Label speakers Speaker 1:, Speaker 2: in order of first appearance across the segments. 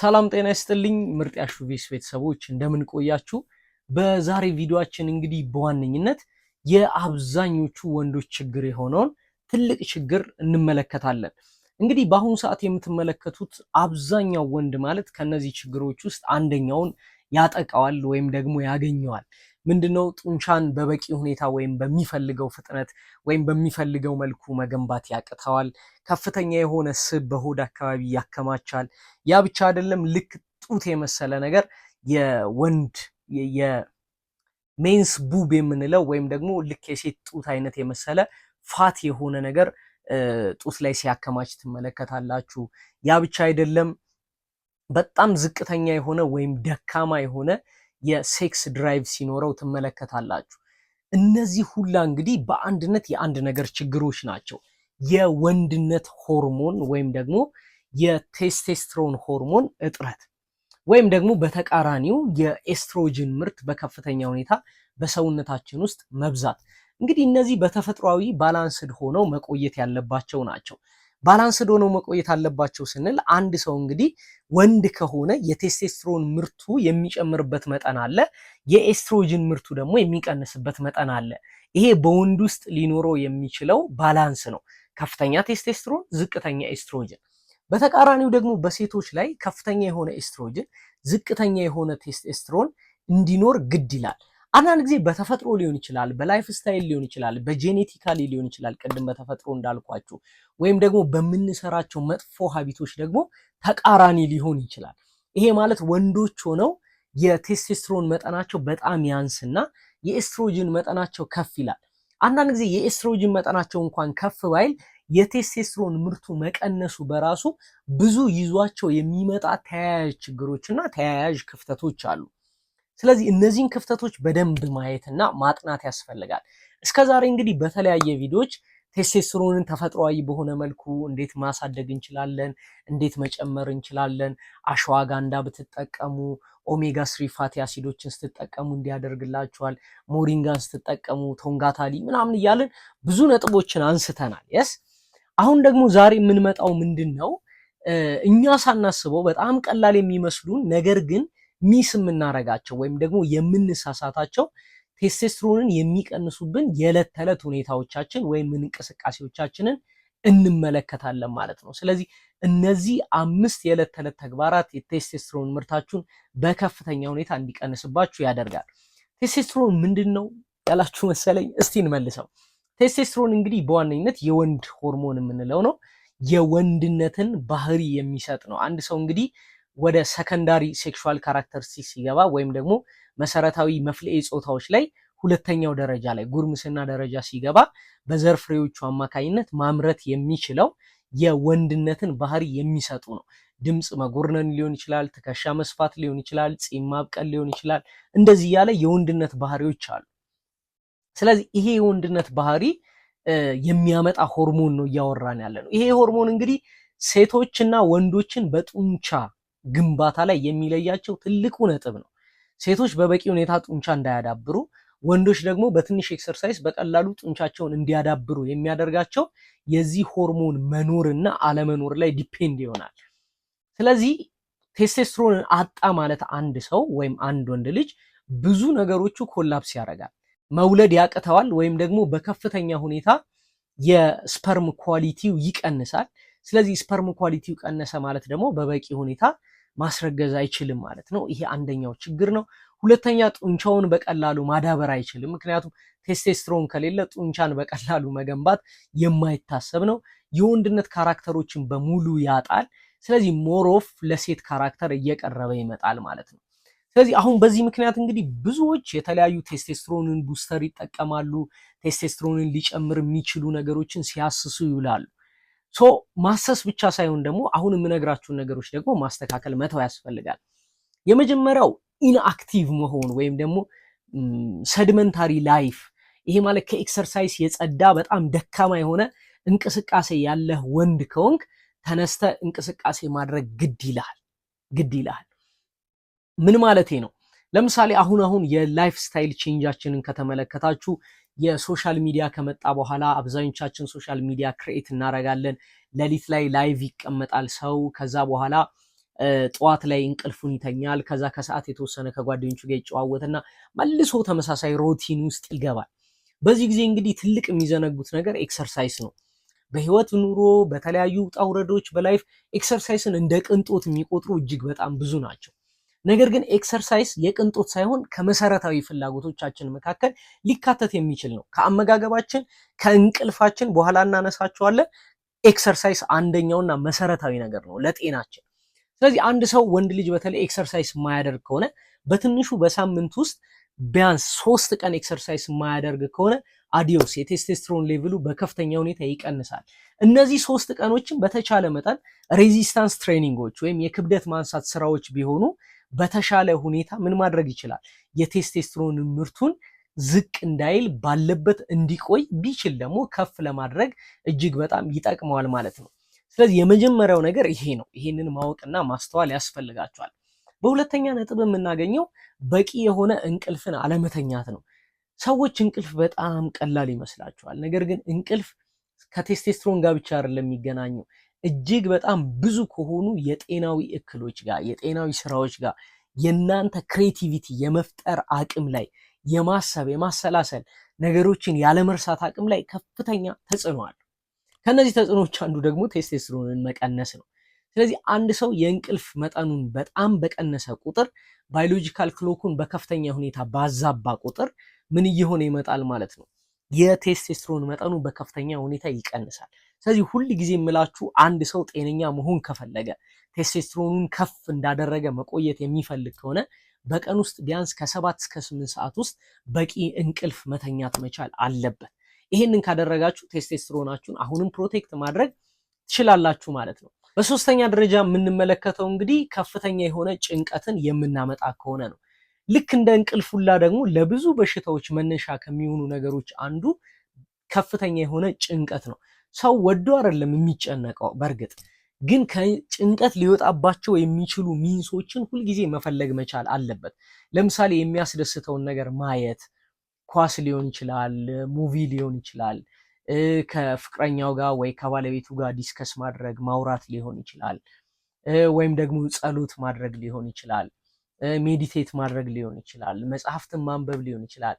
Speaker 1: ሰላም ጤና ይስጥልኝ ምርጥ ቪስ ቤተሰቦች እንደምን ቆያችሁ? በዛሬ ቪዲዮአችን እንግዲህ በዋነኝነት የአብዛኞቹ ወንዶች ችግር የሆነውን ትልቅ ችግር እንመለከታለን። እንግዲህ በአሁኑ ሰዓት የምትመለከቱት አብዛኛው ወንድ ማለት ከነዚህ ችግሮች ውስጥ አንደኛውን ያጠቃዋል ወይም ደግሞ ያገኘዋል። ምንድነው ጡንቻን በበቂ ሁኔታ ወይም በሚፈልገው ፍጥነት ወይም በሚፈልገው መልኩ መገንባት ያቅተዋል። ከፍተኛ የሆነ ስብ በሆድ አካባቢ ያከማቻል። ያ ብቻ አይደለም፣ ልክ ጡት የመሰለ ነገር የወንድ የሜንስ ቡብ የምንለው ወይም ደግሞ ልክ የሴት ጡት አይነት የመሰለ ፋት የሆነ ነገር ጡት ላይ ሲያከማች ትመለከታላችሁ። ያ ብቻ አይደለም፣ በጣም ዝቅተኛ የሆነ ወይም ደካማ የሆነ የሴክስ ድራይቭ ሲኖረው ትመለከታላችሁ። እነዚህ ሁላ እንግዲህ በአንድነት የአንድ ነገር ችግሮች ናቸው። የወንድነት ሆርሞን ወይም ደግሞ የቴስቴስትሮን ሆርሞን እጥረት ወይም ደግሞ በተቃራኒው የኤስትሮጅን ምርት በከፍተኛ ሁኔታ በሰውነታችን ውስጥ መብዛት እንግዲህ እነዚህ በተፈጥሯዊ ባላንስድ ሆነው መቆየት ያለባቸው ናቸው። ባላንስድ ሆነው መቆየት አለባቸው ስንል አንድ ሰው እንግዲህ ወንድ ከሆነ የቴስቴስትሮን ምርቱ የሚጨምርበት መጠን አለ፣ የኤስትሮጅን ምርቱ ደግሞ የሚቀንስበት መጠን አለ። ይሄ በወንድ ውስጥ ሊኖረው የሚችለው ባላንስ ነው። ከፍተኛ ቴስቴስትሮን፣ ዝቅተኛ ኤስትሮጅን። በተቃራኒው ደግሞ በሴቶች ላይ ከፍተኛ የሆነ ኤስትሮጅን፣ ዝቅተኛ የሆነ ቴስቴስትሮን እንዲኖር ግድ ይላል። አንዳንድ ጊዜ በተፈጥሮ ሊሆን ይችላል፣ በላይፍ ስታይል ሊሆን ይችላል፣ በጄኔቲካሊ ሊሆን ይችላል። ቅድም በተፈጥሮ እንዳልኳችሁ ወይም ደግሞ በምንሰራቸው መጥፎ ሀቢቶች ደግሞ ተቃራኒ ሊሆን ይችላል። ይሄ ማለት ወንዶች ሆነው የቴስቴስትሮን መጠናቸው በጣም ያንስና የኤስትሮጅን መጠናቸው ከፍ ይላል። አንዳንድ ጊዜ የኤስትሮጅን መጠናቸው እንኳን ከፍ ባይል የቴስቴስትሮን ምርቱ መቀነሱ በራሱ ብዙ ይዟቸው የሚመጣ ተያያዥ ችግሮችና ተያያዥ ክፍተቶች አሉ። ስለዚህ እነዚህን ክፍተቶች በደንብ ማየትና ማጥናት ያስፈልጋል። እስከዛሬ እንግዲህ በተለያየ ቪዲዮዎች ቴስቴስትሮንን ተፈጥሯዊ በሆነ መልኩ እንዴት ማሳደግ እንችላለን፣ እንዴት መጨመር እንችላለን፣ አሽዋጋንዳ ብትጠቀሙ ኦሜጋ ስሪ ፋቲ አሲዶችን ስትጠቀሙ እንዲያደርግላችኋል፣ ሞሪንጋን ስትጠቀሙ፣ ቶንጋታሊ ምናምን እያለን ብዙ ነጥቦችን አንስተናል። የስ አሁን ደግሞ ዛሬ የምንመጣው ምንድን ነው እኛ ሳናስበው በጣም ቀላል የሚመስሉን ነገር ግን ሚስ የምናረጋቸው ወይም ደግሞ የምንሳሳታቸው ቴስቴስትሮንን የሚቀንሱብን የዕለት ተዕለት ሁኔታዎቻችን ወይም እንቅስቃሴዎቻችንን እንመለከታለን ማለት ነው። ስለዚህ እነዚህ አምስት የዕለት ተዕለት ተግባራት የቴስቴስትሮን ምርታችሁን በከፍተኛ ሁኔታ እንዲቀንስባችሁ ያደርጋል። ቴስቴስትሮን ምንድን ነው ያላችሁ መሰለኝ፣ እስቲ እንመልሰው። ቴስቴስትሮን እንግዲህ በዋነኝነት የወንድ ሆርሞን የምንለው ነው። የወንድነትን ባህሪ የሚሰጥ ነው። አንድ ሰው እንግዲህ ወደ ሰከንዳሪ ሴክሹዋል ካራክተሪስቲክስ ሲገባ ወይም ደግሞ መሰረታዊ መፍልኤ ጾታዎች ላይ ሁለተኛው ደረጃ ላይ ጉርምስና ደረጃ ሲገባ በዘር ፍሬዎቹ አማካኝነት ማምረት የሚችለው የወንድነትን ባህሪ የሚሰጡ ነው። ድምፅ መጎርነን ሊሆን ይችላል፣ ትከሻ መስፋት ሊሆን ይችላል፣ ፂም ማብቀል ሊሆን ይችላል። እንደዚህ ያለ የወንድነት ባህሪዎች አሉ። ስለዚህ ይሄ የወንድነት ባህሪ የሚያመጣ ሆርሞን ነው እያወራን ያለ ነው። ይሄ ሆርሞን እንግዲህ ሴቶችና ወንዶችን በጡንቻ ግንባታ ላይ የሚለያቸው ትልቁ ነጥብ ነው። ሴቶች በበቂ ሁኔታ ጡንቻ እንዳያዳብሩ፣ ወንዶች ደግሞ በትንሽ ኤክሰርሳይዝ በቀላሉ ጡንቻቸውን እንዲያዳብሩ የሚያደርጋቸው የዚህ ሆርሞን መኖርና አለመኖር ላይ ዲፔንድ ይሆናል። ስለዚህ ቴስቴስትሮን አጣ ማለት አንድ ሰው ወይም አንድ ወንድ ልጅ ብዙ ነገሮቹ ኮላፕስ ያደርጋል። መውለድ ያቅተዋል፣ ወይም ደግሞ በከፍተኛ ሁኔታ የስፐርም ኳሊቲው ይቀንሳል። ስለዚህ ስፐርም ኳሊቲው ቀነሰ ማለት ደግሞ በበቂ ሁኔታ ማስረገዝ አይችልም ማለት ነው። ይሄ አንደኛው ችግር ነው። ሁለተኛ ጡንቻውን በቀላሉ ማዳበር አይችልም። ምክንያቱም ቴስቴስትሮን ከሌለ ጡንቻን በቀላሉ መገንባት የማይታሰብ ነው። የወንድነት ካራክተሮችን በሙሉ ያጣል። ስለዚህ ሞሮፍ ለሴት ካራክተር እየቀረበ ይመጣል ማለት ነው። ስለዚህ አሁን በዚህ ምክንያት እንግዲህ ብዙዎች የተለያዩ ቴስቴስትሮንን ቡስተር ይጠቀማሉ። ቴስቴስትሮንን ሊጨምር የሚችሉ ነገሮችን ሲያስሱ ይውላሉ። ሶ ማሰስ ብቻ ሳይሆን ደግሞ አሁን የምነግራችሁን ነገሮች ደግሞ ማስተካከል መተው ያስፈልጋል። የመጀመሪያው ኢንአክቲቭ መሆን ወይም ደግሞ ሰድመንታሪ ላይፍ። ይሄ ማለት ከኤክሰርሳይዝ የጸዳ በጣም ደካማ የሆነ እንቅስቃሴ ያለህ ወንድ ከሆንክ ተነስተ እንቅስቃሴ ማድረግ ግድ ይልሃል ግድ ይልሃል። ምን ማለቴ ነው? ለምሳሌ አሁን አሁን የላይፍ ስታይል ቼንጃችንን ከተመለከታችሁ የሶሻል ሚዲያ ከመጣ በኋላ አብዛኞቻችን ሶሻል ሚዲያ ክሬኤት እናረጋለን። ሌሊት ላይ ላይቭ ይቀመጣል ሰው። ከዛ በኋላ ጠዋት ላይ እንቅልፉን ይተኛል። ከዛ ከሰዓት የተወሰነ ከጓደኞቹ ጋር ይጨዋወትና መልሶ ተመሳሳይ ሮቲን ውስጥ ይገባል። በዚህ ጊዜ እንግዲህ ትልቅ የሚዘነጉት ነገር ኤክሰርሳይስ ነው። በህይወት ኑሮ በተለያዩ ውጣ ውረዶች በላይፍ ኤክሰርሳይስን እንደ ቅንጦት የሚቆጥሩ እጅግ በጣም ብዙ ናቸው። ነገር ግን ኤክሰርሳይስ የቅንጦት ሳይሆን ከመሰረታዊ ፍላጎቶቻችን መካከል ሊካተት የሚችል ነው። ከአመጋገባችን፣ ከእንቅልፋችን በኋላ እናነሳቸዋለን። ኤክሰርሳይስ አንደኛውና መሰረታዊ ነገር ነው ለጤናችን። ስለዚህ አንድ ሰው ወንድ ልጅ በተለይ ኤክሰርሳይስ የማያደርግ ከሆነ በትንሹ በሳምንት ውስጥ ቢያንስ ሶስት ቀን ኤክሰርሳይስ የማያደርግ ከሆነ አዲዮስ የቴስቴስትሮን ሌቭሉ በከፍተኛ ሁኔታ ይቀንሳል። እነዚህ ሶስት ቀኖችን በተቻለ መጠን ሬዚስታንስ ትሬኒንጎች ወይም የክብደት ማንሳት ስራዎች ቢሆኑ በተሻለ ሁኔታ ምን ማድረግ ይችላል? የቴስቴስትሮን ምርቱን ዝቅ እንዳይል ባለበት እንዲቆይ ቢችል ደግሞ ከፍ ለማድረግ እጅግ በጣም ይጠቅመዋል ማለት ነው። ስለዚህ የመጀመሪያው ነገር ይሄ ነው። ይሄንን ማወቅና ማስተዋል ያስፈልጋቸዋል። በሁለተኛ ነጥብ የምናገኘው በቂ የሆነ እንቅልፍን አለመተኛት ነው። ሰዎች እንቅልፍ በጣም ቀላል ይመስላቸዋል። ነገር ግን እንቅልፍ ከቴስቴስትሮን ጋር ብቻ አይደለም የሚገናኘው እጅግ በጣም ብዙ ከሆኑ የጤናዊ እክሎች ጋር የጤናዊ ስራዎች ጋር የእናንተ ክሬቲቪቲ የመፍጠር አቅም ላይ የማሰብ የማሰላሰል ነገሮችን ያለመርሳት አቅም ላይ ከፍተኛ ተጽዕኖ አለ። ከእነዚህ ተጽዕኖዎች አንዱ ደግሞ ቴስቴስትሮንን መቀነስ ነው። ስለዚህ አንድ ሰው የእንቅልፍ መጠኑን በጣም በቀነሰ ቁጥር ባዮሎጂካል ክሎኩን በከፍተኛ ሁኔታ ባዛባ ቁጥር ምን እየሆነ ይመጣል ማለት ነው? የቴስቴስትሮን መጠኑ በከፍተኛ ሁኔታ ይቀንሳል። ስለዚህ ሁል ጊዜ የምላችሁ አንድ ሰው ጤነኛ መሆን ከፈለገ ቴስቴስትሮኑን ከፍ እንዳደረገ መቆየት የሚፈልግ ከሆነ በቀን ውስጥ ቢያንስ ከሰባት እስከ ስምንት ሰዓት ውስጥ በቂ እንቅልፍ መተኛት መቻል አለበት። ይሄንን ካደረጋችሁ ቴስቴስትሮናችሁን አሁንም ፕሮቴክት ማድረግ ትችላላችሁ ማለት ነው። በሶስተኛ ደረጃ የምንመለከተው እንግዲህ ከፍተኛ የሆነ ጭንቀትን የምናመጣ ከሆነ ነው። ልክ እንደ እንቅልፍ ሁላ ደግሞ ለብዙ በሽታዎች መነሻ ከሚሆኑ ነገሮች አንዱ ከፍተኛ የሆነ ጭንቀት ነው። ሰው ወዶ አይደለም የሚጨነቀው። በእርግጥ ግን ከጭንቀት ሊወጣባቸው የሚችሉ ሚንሶችን ሁልጊዜ መፈለግ መቻል አለበት። ለምሳሌ የሚያስደስተውን ነገር ማየት፣ ኳስ ሊሆን ይችላል፣ ሙቪ ሊሆን ይችላል፣ ከፍቅረኛው ጋር ወይ ከባለቤቱ ጋር ዲስከስ ማድረግ ማውራት ሊሆን ይችላል፣ ወይም ደግሞ ጸሎት ማድረግ ሊሆን ይችላል፣ ሜዲቴት ማድረግ ሊሆን ይችላል፣ መጽሐፍትን ማንበብ ሊሆን ይችላል።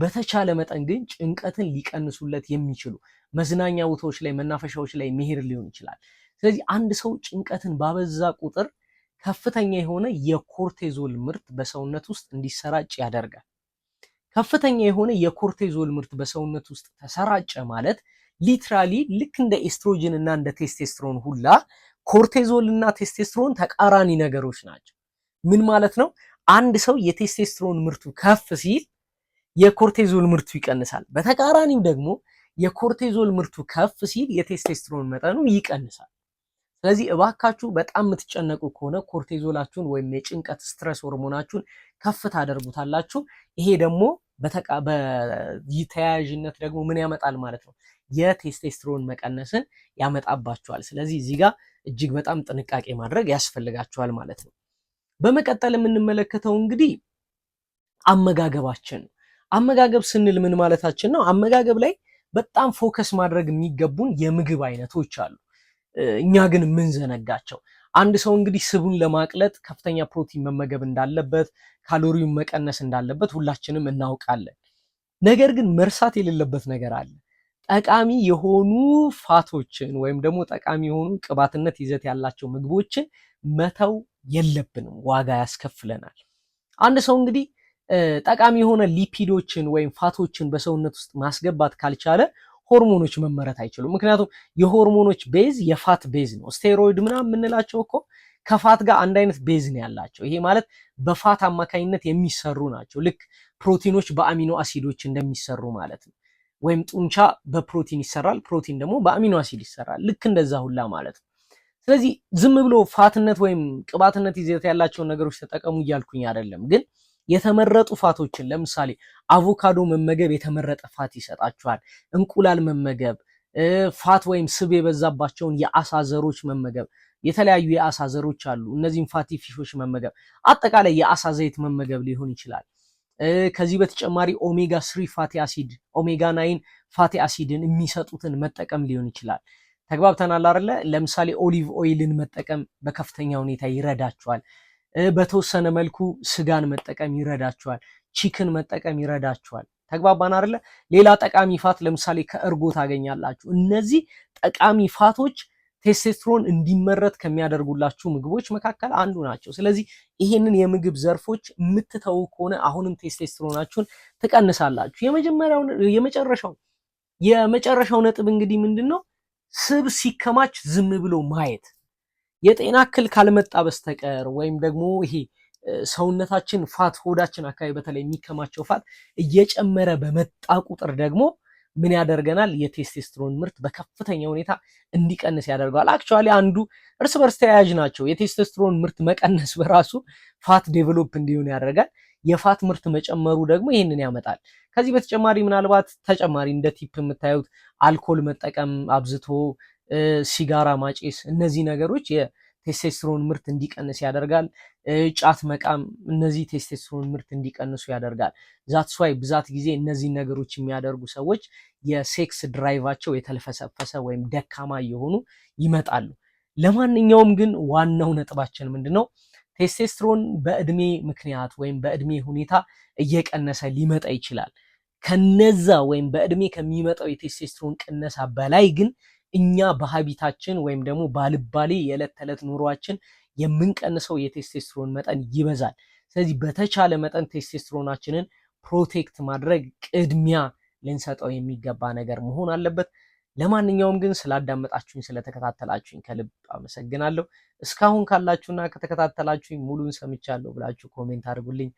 Speaker 1: በተቻለ መጠን ግን ጭንቀትን ሊቀንሱለት የሚችሉ መዝናኛ ቦታዎች ላይ መናፈሻዎች ላይ መሄድ ሊሆን ይችላል። ስለዚህ አንድ ሰው ጭንቀትን ባበዛ ቁጥር ከፍተኛ የሆነ የኮርቴዞል ምርት በሰውነት ውስጥ እንዲሰራጭ ያደርጋል። ከፍተኛ የሆነ የኮርቴዞል ምርት በሰውነት ውስጥ ተሰራጨ ማለት ሊትራሊ ልክ እንደ ኤስትሮጅን እና እንደ ቴስቴስትሮን ሁላ ኮርቴዞል እና ቴስቴስትሮን ተቃራኒ ነገሮች ናቸው። ምን ማለት ነው? አንድ ሰው የቴስቴስትሮን ምርቱ ከፍ ሲል የኮርቴዞል ምርቱ ይቀንሳል። በተቃራኒው ደግሞ የኮርቴዞል ምርቱ ከፍ ሲል የቴስቴስትሮን መጠኑ ይቀንሳል። ስለዚህ እባካችሁ በጣም የምትጨነቁ ከሆነ ኮርቴዞላችሁን ወይም የጭንቀት ስትረስ ሆርሞናችሁን ከፍ ታደርጉታላችሁ። ይሄ ደግሞ በተያያዥነት ደግሞ ምን ያመጣል ማለት ነው? የቴስቴስትሮን መቀነስን ያመጣባችኋል። ስለዚህ እዚህ ጋር እጅግ በጣም ጥንቃቄ ማድረግ ያስፈልጋችኋል ማለት ነው። በመቀጠል የምንመለከተው እንግዲህ አመጋገባችን ነው። አመጋገብ ስንል ምን ማለታችን ነው? አመጋገብ ላይ በጣም ፎከስ ማድረግ የሚገቡን የምግብ አይነቶች አሉ፣ እኛ ግን የምንዘነጋቸው። አንድ ሰው እንግዲህ ስቡን ለማቅለጥ ከፍተኛ ፕሮቲን መመገብ እንዳለበት፣ ካሎሪውን መቀነስ እንዳለበት ሁላችንም እናውቃለን። ነገር ግን መርሳት የሌለበት ነገር አለ። ጠቃሚ የሆኑ ፋቶችን ወይም ደግሞ ጠቃሚ የሆኑ ቅባትነት ይዘት ያላቸው ምግቦችን መተው የለብንም፣ ዋጋ ያስከፍለናል። አንድ ሰው እንግዲህ ጠቃሚ የሆነ ሊፒዶችን ወይም ፋቶችን በሰውነት ውስጥ ማስገባት ካልቻለ ሆርሞኖች መመረት አይችሉም። ምክንያቱም የሆርሞኖች ቤዝ የፋት ቤዝ ነው። ስቴሮይድ ምናምን የምንላቸው እኮ ከፋት ጋር አንድ አይነት ቤዝ ነው ያላቸው። ይሄ ማለት በፋት አማካኝነት የሚሰሩ ናቸው። ልክ ፕሮቲኖች በአሚኖ አሲዶች እንደሚሰሩ ማለት ነው። ወይም ጡንቻ በፕሮቲን ይሰራል፣ ፕሮቲን ደግሞ በአሚኖ አሲድ ይሰራል። ልክ እንደዛ ሁላ ማለት ነው። ስለዚህ ዝም ብሎ ፋትነት ወይም ቅባትነት ይዘት ያላቸውን ነገሮች ተጠቀሙ እያልኩኝ አይደለም ግን የተመረጡ ፋቶችን ለምሳሌ አቮካዶ መመገብ የተመረጠ ፋት ይሰጣችኋል። እንቁላል መመገብ፣ ፋት ወይም ስብ የበዛባቸውን የአሳ ዘሮች መመገብ፣ የተለያዩ የአሳ ዘሮች አሉ። እነዚህም ፋቲ ፊሾች መመገብ፣ አጠቃላይ የአሳ ዘይት መመገብ ሊሆን ይችላል። ከዚህ በተጨማሪ ኦሜጋ ስሪ ፋቲ አሲድ ኦሜጋ ናይን ፋቲ አሲድን የሚሰጡትን መጠቀም ሊሆን ይችላል። ተግባብተናል አይደለ? ለምሳሌ ኦሊቭ ኦይልን መጠቀም በከፍተኛ ሁኔታ ይረዳቸዋል። በተወሰነ መልኩ ስጋን መጠቀም ይረዳቸዋል ቺክን መጠቀም ይረዳቸዋል ተግባባን አይደለ? ሌላ ጠቃሚ ፋት ለምሳሌ ከእርጎ ታገኛላችሁ። እነዚህ ጠቃሚ ፋቶች ቴስቴስትሮን እንዲመረት ከሚያደርጉላችሁ ምግቦች መካከል አንዱ ናቸው። ስለዚህ ይሄንን የምግብ ዘርፎች የምትተው ከሆነ አሁንም ቴስቴስትሮናችሁን ትቀንሳላችሁ። የመጀመሪያው የመጨረሻው የመጨረሻው ነጥብ እንግዲህ ምንድን ነው? ስብ ሲከማች ዝም ብሎ ማየት የጤና እክል ካልመጣ በስተቀር ወይም ደግሞ ይሄ ሰውነታችን ፋት ሆዳችን አካባቢ በተለይ የሚከማቸው ፋት እየጨመረ በመጣ ቁጥር ደግሞ ምን ያደርገናል? የቴስቴስትሮን ምርት በከፍተኛ ሁኔታ እንዲቀንስ ያደርገዋል። አክቹዋሊ አንዱ እርስ በርስ ተያያዥ ናቸው። የቴስቴስትሮን ምርት መቀነስ በራሱ ፋት ዴቨሎፕ እንዲሆን ያደርጋል። የፋት ምርት መጨመሩ ደግሞ ይህንን ያመጣል። ከዚህ በተጨማሪ ምናልባት ተጨማሪ እንደ ቲፕ የምታዩት አልኮል መጠቀም አብዝቶ ሲጋራ ማጨስ፣ እነዚህ ነገሮች የቴስቴስትሮን ምርት እንዲቀንስ ያደርጋል። ጫት መቃም፣ እነዚህ ቴስቴስትሮን ምርት እንዲቀንሱ ያደርጋል። ዛትስ ዋይ ብዛት ጊዜ እነዚህ ነገሮች የሚያደርጉ ሰዎች የሴክስ ድራይቫቸው የተልፈሰፈሰ ወይም ደካማ እየሆኑ ይመጣሉ። ለማንኛውም ግን ዋናው ነጥባችን ምንድን ነው? ቴስቴስትሮን በእድሜ ምክንያት ወይም በእድሜ ሁኔታ እየቀነሰ ሊመጣ ይችላል። ከነዛ ወይም በእድሜ ከሚመጣው የቴስቴስትሮን ቅነሳ በላይ ግን እኛ በሀቢታችን ወይም ደግሞ ባልባሌ የዕለት ተዕለት ኑሯችን የምንቀንሰው የቴስቴስትሮን መጠን ይበዛል። ስለዚህ በተቻለ መጠን ቴስቴስትሮናችንን ፕሮቴክት ማድረግ ቅድሚያ ልንሰጠው የሚገባ ነገር መሆን አለበት። ለማንኛውም ግን ስላዳመጣችሁኝ ስለተከታተላችሁኝ ከልብ አመሰግናለሁ። እስካሁን ካላችሁና ከተከታተላችሁኝ ሙሉን ሰምቻለሁ ብላችሁ ኮሜንት አድርጉልኝ።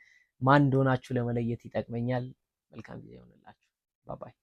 Speaker 1: ማን እንደሆናችሁ ለመለየት ይጠቅመኛል። መልካም ጊዜ ይሆንላችሁ። ባባይ